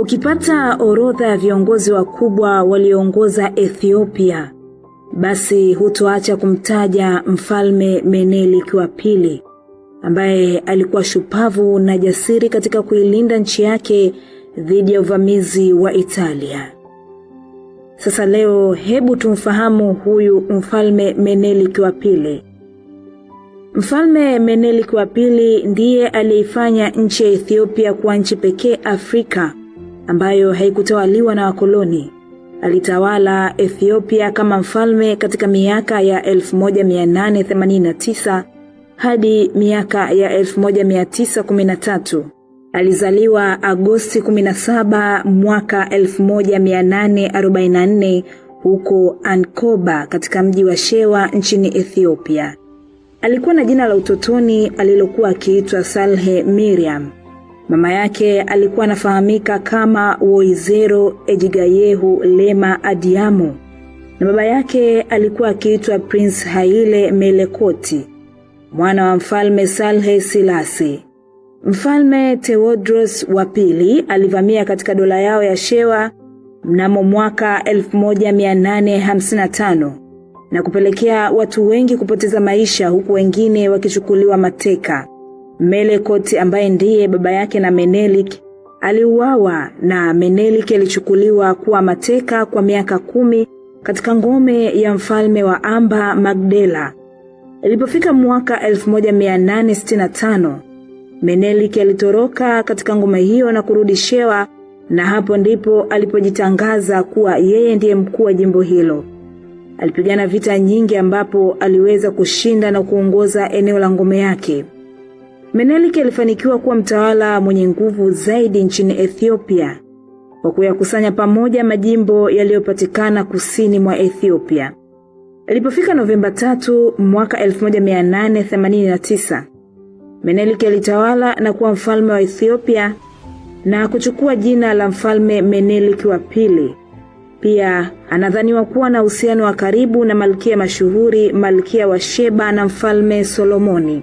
Ukipata orodha ya viongozi wakubwa walioongoza Ethiopia, basi hutoacha kumtaja Mfalme Menelik wa pili ambaye alikuwa shupavu na jasiri katika kuilinda nchi yake dhidi ya uvamizi wa Italia. Sasa leo hebu tumfahamu huyu Mfalme Menelik wa pili. Mfalme Menelik wa pili ndiye aliifanya nchi ya Ethiopia kuwa nchi pekee Afrika ambayo haikutawaliwa na wakoloni. Alitawala Ethiopia kama mfalme katika miaka ya 1889 hadi miaka ya 1913. Alizaliwa Agosti 17 mwaka 1844 huko Ankoba katika mji wa Shewa nchini Ethiopia. Alikuwa na jina la utotoni alilokuwa akiitwa Salhe Miriam. Mama yake alikuwa anafahamika kama Woizero Ejigayehu Lema Adiamu na baba yake alikuwa akiitwa Prince Haile Melekoti mwana wa mfalme Salhe silase Mfalme Theodros wa pili alivamia katika dola yao ya Shewa mnamo mwaka 1855 na kupelekea watu wengi kupoteza maisha huku wengine wakichukuliwa mateka. Melekoti ambaye ndiye baba yake na Menelik aliuawa na Menelik alichukuliwa kuwa mateka kwa miaka kumi katika ngome ya mfalme wa Amba Magdela. Ilipofika mwaka 1865 Menelik alitoroka katika ngome hiyo na kurudi Shewa, na hapo ndipo alipojitangaza kuwa yeye ndiye mkuu wa jimbo hilo. Alipigana vita nyingi ambapo aliweza kushinda na kuongoza eneo la ngome yake. Menelik alifanikiwa kuwa mtawala mwenye nguvu zaidi nchini Ethiopia kwa kuyakusanya pamoja majimbo yaliyopatikana kusini mwa Ethiopia. Ilipofika Novemba 3 mwaka 1889, Menelik alitawala na kuwa mfalme wa Ethiopia na kuchukua jina la mfalme Menelik wa pili. Pia anadhaniwa kuwa na uhusiano wa karibu na malkia mashuhuri, malkia wa Sheba na mfalme Solomoni.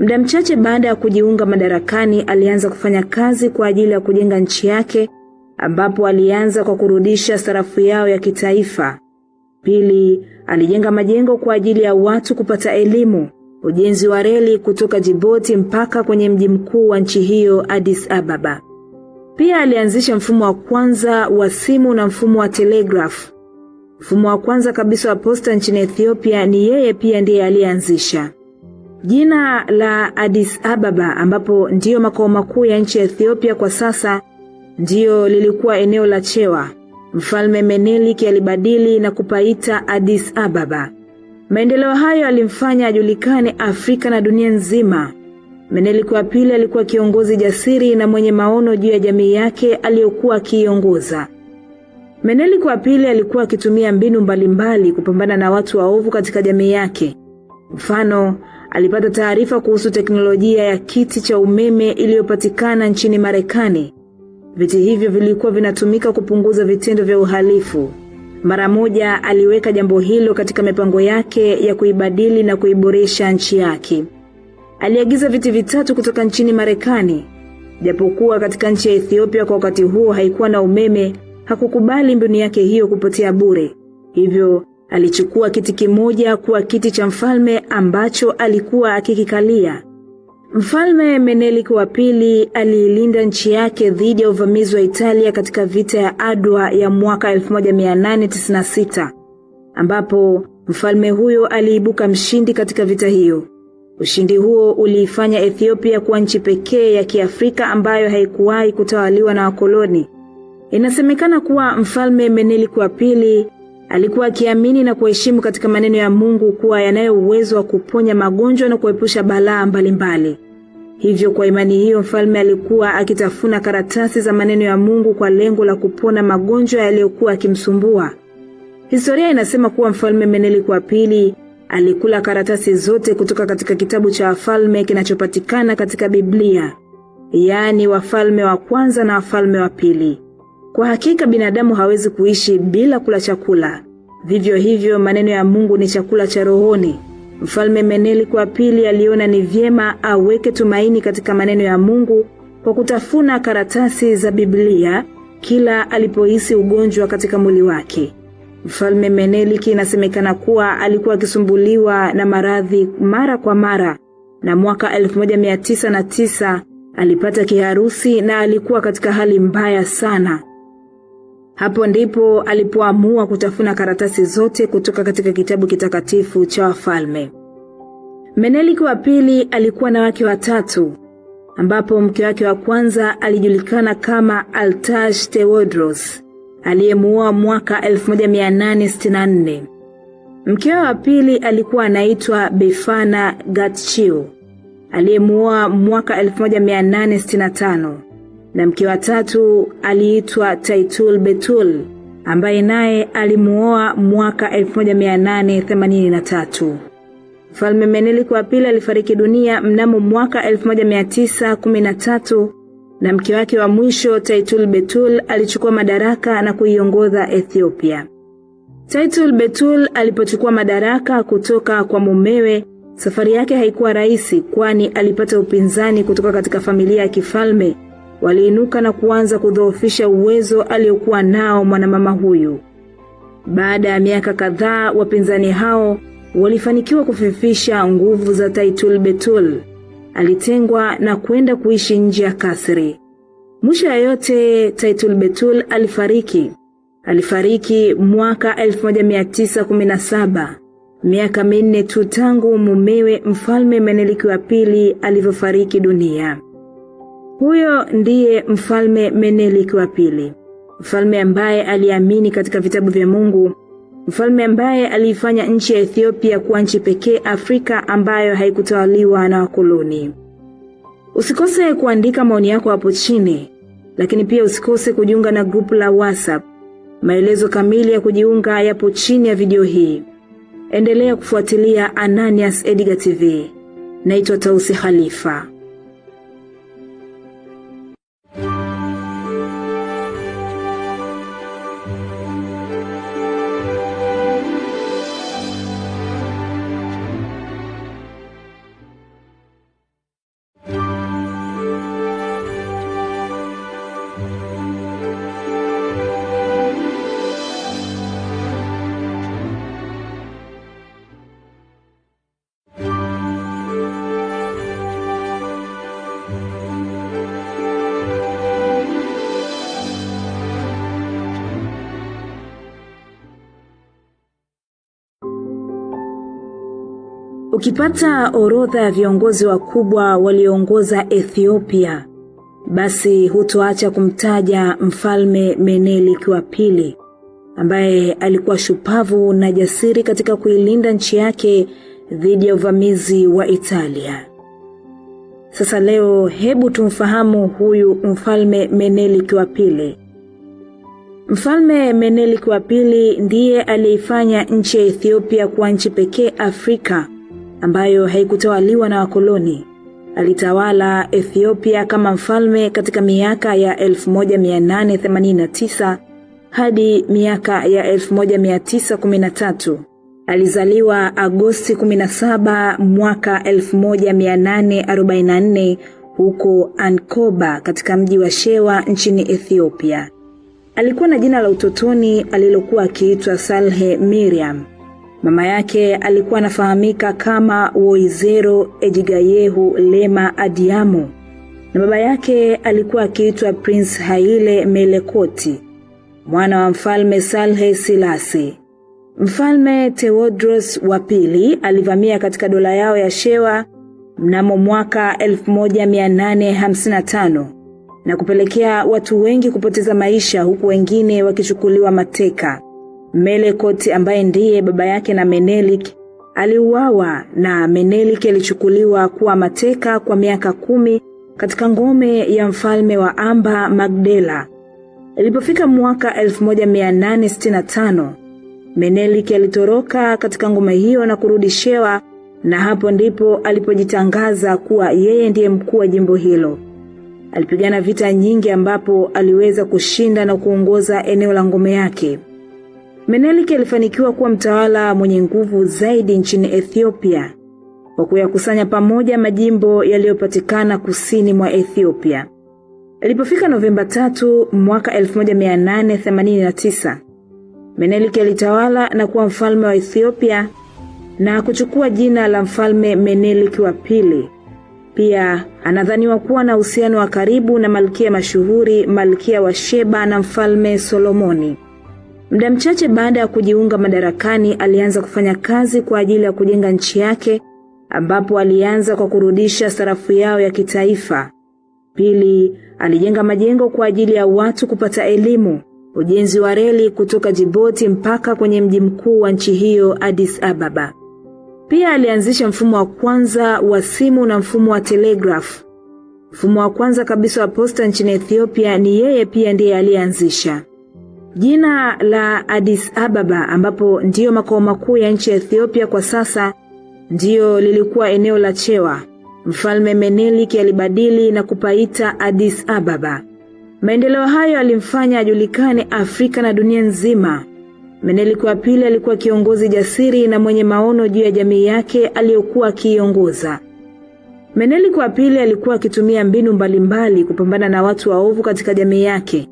Muda mchache baada ya kujiunga madarakani, alianza kufanya kazi kwa ajili ya kujenga nchi yake, ambapo alianza kwa kurudisha sarafu yao ya kitaifa. Pili, alijenga majengo kwa ajili ya watu kupata elimu, ujenzi wa reli kutoka Djibouti mpaka kwenye mji mkuu wa nchi hiyo Addis Ababa. Pia alianzisha mfumo wa kwanza wa simu na mfumo wa telegrafu. Mfumo wa kwanza kabisa wa posta nchini Ethiopia ni yeye pia ndiye aliyeanzisha. Jina la Addis Ababa, ambapo ndiyo makao makuu ya nchi ya Ethiopia kwa sasa, ndiyo lilikuwa eneo la Chewa. Mfalme Menelik alibadili na kupaita Addis Ababa. Maendeleo hayo alimfanya ajulikane Afrika na dunia nzima. Menelik wa pili alikuwa kiongozi jasiri na mwenye maono juu ya jamii yake aliyokuwa akiiongoza. Menelik wa pili alikuwa akitumia mbinu mbalimbali kupambana na watu waovu katika jamii yake. Mfano, alipata taarifa kuhusu teknolojia ya kiti cha umeme iliyopatikana nchini Marekani. Viti hivyo vilikuwa vinatumika kupunguza vitendo vya uhalifu. Mara moja aliweka jambo hilo katika mipango yake ya kuibadili na kuiboresha nchi yake. Aliagiza viti vitatu kutoka nchini Marekani. Japokuwa katika nchi ya Ethiopia kwa wakati huo haikuwa na umeme, hakukubali mbinu yake hiyo kupotea bure. Hivyo alichukua kiti kimoja kuwa kiti cha mfalme ambacho alikuwa akikikalia. Mfalme Menelik wa pili aliilinda nchi yake dhidi ya uvamizi wa Italia katika vita ya Adwa ya mwaka 1896 ambapo mfalme huyo aliibuka mshindi katika vita hiyo. Ushindi huo uliifanya Ethiopia kuwa nchi pekee ya Kiafrika ambayo haikuwahi kutawaliwa na wakoloni. Inasemekana kuwa mfalme Menelik wa pili Alikuwa akiamini na kuheshimu katika maneno ya Mungu kuwa yanayo uwezo wa kuponya magonjwa na kuepusha balaa mbalimbali. Hivyo kwa imani hiyo, mfalme alikuwa akitafuna karatasi za maneno ya Mungu kwa lengo la kupona magonjwa yaliyokuwa akimsumbua. Historia inasema kuwa Mfalme Menelik wa pili alikula karatasi zote kutoka katika kitabu cha Wafalme kinachopatikana katika Biblia, yaani Wafalme wa kwanza na Wafalme wa pili. Kwa hakika binadamu hawezi kuishi bila kula chakula. Vivyo hivyo maneno ya Mungu ni chakula cha rohoni. Mfalme Meneliki wa pili aliona ni vyema aweke tumaini katika maneno ya Mungu kwa kutafuna karatasi za Biblia kila alipohisi ugonjwa katika mwili wake. Mfalme Meneliki inasemekana kuwa alikuwa akisumbuliwa na maradhi mara kwa mara, na mwaka 1909 alipata kiharusi na alikuwa katika hali mbaya sana. Hapo ndipo alipoamua kutafuna karatasi zote kutoka katika kitabu kitakatifu cha Wafalme. Menelik wa pili alikuwa na wake watatu, ambapo mke wake wa kwanza alijulikana kama Altash Tewodros aliyemuoa mwaka 1864. Mkewe wa pili alikuwa anaitwa Befana Gatchiu aliyemuoa mwaka 1865 na mke wa tatu aliitwa Taitul Betul ambaye naye alimuoa mwaka 1883. Mfalme Menelik wa pili alifariki dunia mnamo mwaka 1913 na mke wake wa mwisho Taitul Betul alichukua madaraka na kuiongoza Ethiopia. Taitul Betul alipochukua madaraka kutoka kwa mumewe, safari yake haikuwa rahisi kwani alipata upinzani kutoka katika familia ya kifalme waliinuka na kuanza kudhoofisha uwezo aliokuwa nao mwanamama huyu. Baada ya miaka kadhaa, wapinzani hao walifanikiwa kufifisha nguvu za Taitul Betul. Alitengwa na kwenda kuishi nje ya kasri. Mwisho ya yote, Taitul Betul alifariki. Alifariki mwaka 1917, miaka minne tu tangu mumewe Mfalme Meneliki wa pili alivyofariki dunia. Huyo ndiye Mfalme Menelik wa pili, mfalme ambaye aliamini katika vitabu vya Mungu, mfalme ambaye aliifanya nchi ya Ethiopia kuwa nchi pekee Afrika ambayo haikutawaliwa na wakoloni. Usikose kuandika maoni yako hapo chini, lakini pia usikose kujiunga na grupu la WhatsApp. Maelezo kamili ya kujiunga yapo chini ya video hii. Endelea kufuatilia Ananias Edgar TV. Naitwa Tausi Khalifa. Ukipata orodha ya viongozi wakubwa walioongoza Ethiopia, basi hutoacha kumtaja Mfalme Menelik wa pili ambaye alikuwa shupavu na jasiri katika kuilinda nchi yake dhidi ya uvamizi wa Italia. Sasa leo hebu tumfahamu huyu Mfalme Menelik wa pili. Mfalme Menelik wa pili ndiye aliyeifanya nchi ya Ethiopia kuwa nchi pekee Afrika ambayo haikutawaliwa na wakoloni. Alitawala Ethiopia kama mfalme katika miaka ya 1889 hadi miaka ya 1913. Alizaliwa Agosti 17 mwaka 1844 huko Ankoba katika mji wa Shewa nchini Ethiopia. Alikuwa na jina la utotoni alilokuwa akiitwa Salhe Miriam. Mama yake alikuwa anafahamika kama Woizero Ejigayehu Lema Adiamu na baba yake alikuwa akiitwa Prince Haile Melekoti mwana wa mfalme Salhe silase Mfalme teodros wa pili alivamia katika dola yao ya Shewa mnamo mwaka 1855 na kupelekea watu wengi kupoteza maisha huku wengine wakichukuliwa mateka. Melekot ambaye ndiye baba yake na Menelik aliuawa na Menelik alichukuliwa kuwa mateka kwa miaka kumi katika ngome ya mfalme wa Amba Magdela. Ilipofika mwaka 1865, Menelik alitoroka katika ngome hiyo na kurudi Shewa na hapo ndipo alipojitangaza kuwa yeye ndiye mkuu wa jimbo hilo. Alipigana vita nyingi ambapo aliweza kushinda na kuongoza eneo la ngome yake. Menelik alifanikiwa kuwa mtawala mwenye nguvu zaidi nchini Ethiopia kwa kuyakusanya pamoja majimbo yaliyopatikana kusini mwa Ethiopia. Ilipofika Novemba 3 mwaka 1889, Menelik alitawala na kuwa mfalme wa Ethiopia na kuchukua jina la mfalme Menelik wa pili. Pia anadhaniwa kuwa na uhusiano wa karibu na malkia mashuhuri, malkia wa Sheba na mfalme Solomoni. Muda mchache baada ya kujiunga madarakani, alianza kufanya kazi kwa ajili ya kujenga nchi yake, ambapo alianza kwa kurudisha sarafu yao ya kitaifa. Pili, alijenga majengo kwa ajili ya watu kupata elimu, ujenzi wa reli kutoka Djibouti mpaka kwenye mji mkuu wa nchi hiyo Addis Ababa. Pia alianzisha mfumo wa kwanza wa simu na mfumo wa telegrafu. Mfumo wa kwanza kabisa wa posta nchini Ethiopia ni yeye pia ndiye aliyeanzisha. Jina la Addis Ababa ambapo ndiyo makao makuu ya nchi ya Ethiopia kwa sasa ndiyo lilikuwa eneo la Chewa. Mfalme Menelik alibadili na kupaita Addis Ababa. Maendeleo hayo alimfanya ajulikane Afrika na dunia nzima. Menelik wa pili alikuwa kiongozi jasiri na mwenye maono juu ya jamii yake aliyokuwa akiiongoza. Menelik wa pili alikuwa akitumia mbinu mbalimbali kupambana na watu waovu katika jamii yake.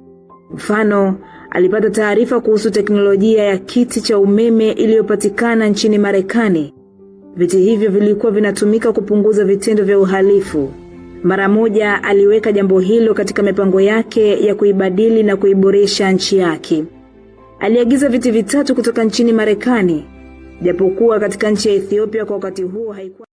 Mfano, alipata taarifa kuhusu teknolojia ya kiti cha umeme iliyopatikana nchini Marekani. Viti hivyo vilikuwa vinatumika kupunguza vitendo vya uhalifu. Mara moja aliweka jambo hilo katika mipango yake ya kuibadili na kuiboresha nchi yake. Aliagiza viti vitatu kutoka nchini Marekani, japokuwa katika nchi ya Ethiopia kwa wakati huo haikuwa